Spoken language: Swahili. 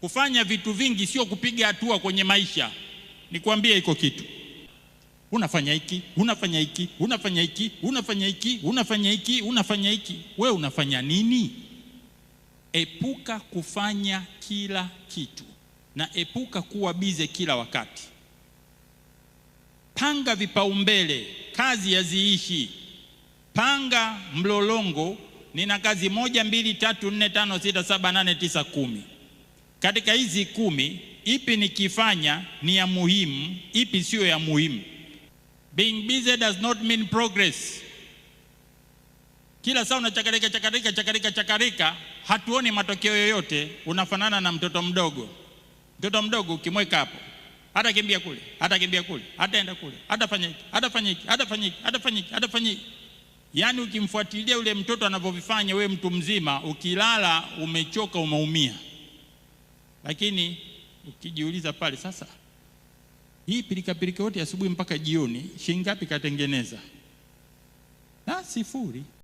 Kufanya vitu vingi sio kupiga hatua kwenye maisha. Nikwambie iko kitu unafanya hiki unafanya hiki unafanya hiki unafanya hiki unafanya hiki unafanya hiki, wewe unafanya nini? Epuka kufanya kila kitu na epuka kuwa bize kila wakati. Panga vipaumbele, kazi haziishi. Panga mlolongo, nina kazi moja, mbili, tatu, nne, tano, sita, saba, nane, tisa, kumi katika hizi kumi, ipi nikifanya ni ya muhimu, ipi siyo ya muhimu? Being busy does not mean progress. Kila saa unachakarika chakarika chakarika chakarika, hatuoni matokeo yoyote, unafanana na mtoto mdogo. Mtoto mdogo ukimweka hapo, hata kimbia kule, hata kimbia kule, hata enda kule, hata fanya hiki, hata fanya hiki, hata fanya hiki, hata fanya hiki, hata fanya hiki. Yaani ukimfuatilia ule mtoto anavyovifanya, wewe mtu mzima ukilala umechoka, umeumia. Lakini ukijiuliza pale sasa, hii pilikapilika yote asubuhi mpaka jioni, shilingi ngapi katengeneza? Na sifuri.